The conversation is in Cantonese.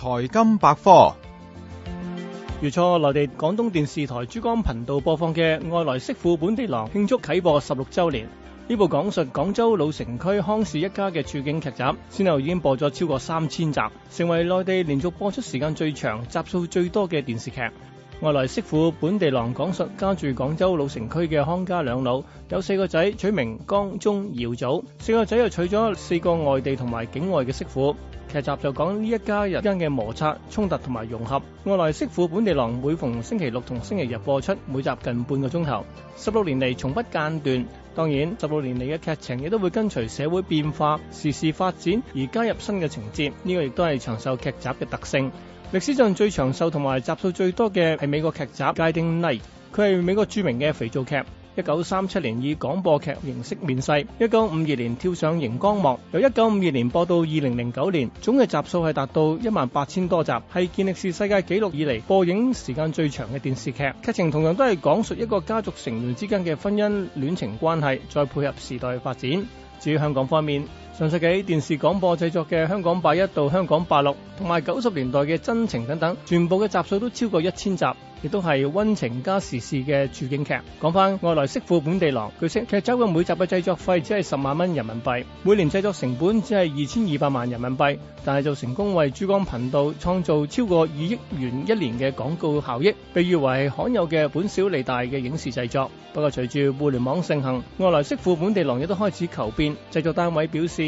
財金百科。月初，內地廣東電視台珠江頻道播放嘅《外來媳婦本地郎》慶祝啟播十六周年。呢部講述廣州老城區康氏一家嘅處境劇集，先後已經播咗超過三千集，成為內地連續播出時間最長、集數最多嘅電視劇。《外來媳婦本地郎》講述家住廣州老城區嘅康家兩老，有四個仔，取名光、宗、耀、祖，四個仔又娶咗四個外地同埋境外嘅媳婦。劇集就講呢一家人間嘅摩擦、衝突同埋融合。外來媳婦本地郎每逢星期六同星期日播出，每集近半個鐘頭。十六年嚟從不間斷。當然，十六年嚟嘅劇情亦都會跟隨社會變化、時事發展而加入新嘅情節。呢、這個亦都係長壽劇集嘅特性。歷史上最長壽同埋集數最多嘅係美國劇集《界丁夜》，佢係美國著名嘅肥皂劇。一九三七年以廣播劇形式面世，一九五二年跳上熒光幕，由一九五二年播到二零零九年，總嘅集數係達到一萬八千多集，係健力士世界紀錄以嚟播映時間最長嘅電視劇。劇情同樣都係講述一個家族成員之間嘅婚姻、戀情關係，再配合時代嘅發展。至於香港方面。上世紀電視廣播製作嘅《香港八一》到《香港八六》，同埋九十年代嘅《真情》等等，全部嘅集數都超過一千集，亦都係溫情加時事嘅處境劇。講翻《外來媳婦本地郎》，據悉劇集嘅每集嘅製作費只係十萬蚊人民幣，每年製作成本只係二千二百萬人民幣，但係就成功為珠江頻道創造超過二億元一年嘅廣告效益，被譽為罕有嘅本小利大嘅影視製作。不過隨住互聯網盛行，《外來媳婦本地郎》亦都開始求變，製作單位表示。